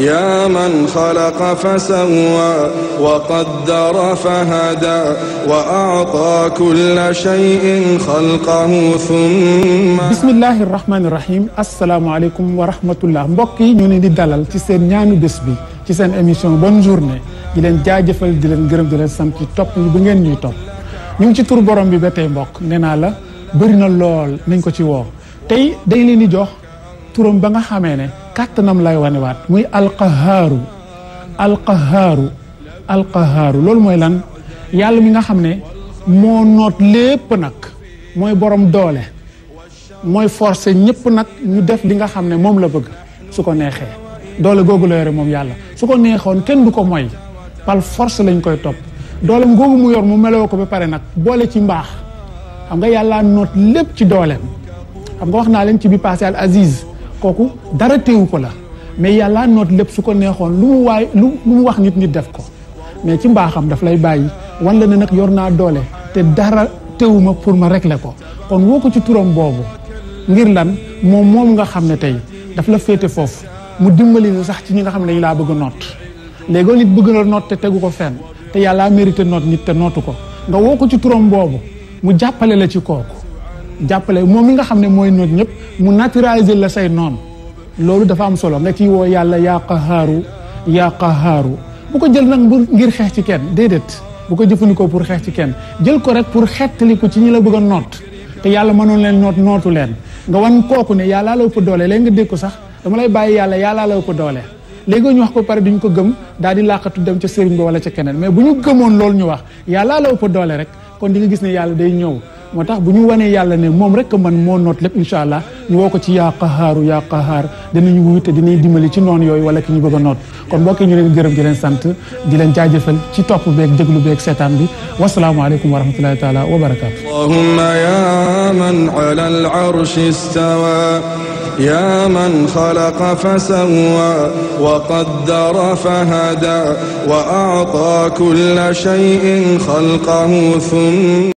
يا من خلق فسوى وقدر فهدى وأعطى كل شيء خلقه ثم بسم الله الرحمن الرحيم السلام عليكم ورحمة الله بقي نوني دي دلال تسير نيانو بسبي تسير اميشن بونجورني يلين جاجفل دلين جرم دلين سمكي توب يبنين نيو توب نيو تي تور بورم بي بتاين بوك نينالا برينا لول نينكو تي وو تي دي ليني جوخ تورم بنغا خامي kàttanam lay wanewaat muy alqahaaru alqahaaru alqahaaru loolu mooy lan yàlla mi nga xam ne moo noot lépp nag mooy borom doole mooy forcé ñëpp nag ñu def li nga xam ne moom la bëgg su ko neexee doole googu la yore moom yàlla su ko neexoon kenn du ko moy par force lañ koy topp doole googu mu yor mu meloo ko ba pare nag boole ci mbaax xam nga yàlla noot lépp ci dooleem xam nga wax naa leen ci bi passé al Aziz kooku dara téewu ko la mais yàlla noot lépp su ko neexoon lu mu waay lu mu wax nit ñi def ko mais ci mbaaxam daf lay bàyyi wan la ne nag yor naa doole te dara téewu ma pour ma régler ko kon woo ko ci turam boobu ngir lan moom moom nga xam ne tey daf la féete foofu mu dimbali la sax ci ñi nga xam ne dañu laa bëgg a noot léegoo nit bëgg la noot te tegu ko fenn te yàlla mérité noot nit te nootu ko nga woo ko ci turam boobu mu jàppale la ci kooku jàppale moom mi nga xam ne mooy noot ñëpp mu naturaliser la say noon loolu dafa am solo nga ciy woo yàlla yaa xaaru yaa qahaaru bu ko jël nag ngir xeex ci kenn déedéet bu ko jëfandikoo pour xeex ci kenn jël ko rek pour xettali ko ci ñu la bëgg a noot te yàlla mënoon leen noot nootu leen nga wan kooku ne yàllaa la ko doole léegi nga dégg ko sax dama lay bàyyi yàlla yàllaa la ko doole léegi ñu wax ko pare ñu ko gëm daal di làqatu dem ca sëriñ ba wala ca keneen mais bu ñu gëmoon loolu ñu wax yàllaa la ko doole rek kon di nga gis ne yàlla day ñëw motax buñu wone yàlla ne mom rek man mo note lépp inshallah ñu woko ci ya qahar ya qahar dinañu wuyu te dinañ dimbali ci non yoy wala ki ñu bëgg note kon mbokk ñu leen gërëm di leen sante di leen jaajeufal ci topp beeg déglu beeg setan bi alaykum wa rahmatullahi taala wa barakatuh allahumma ya man ala al arshi istawa يا من خلق فسوى وقدر فهدى وأعطى كل شيء خلقه ثم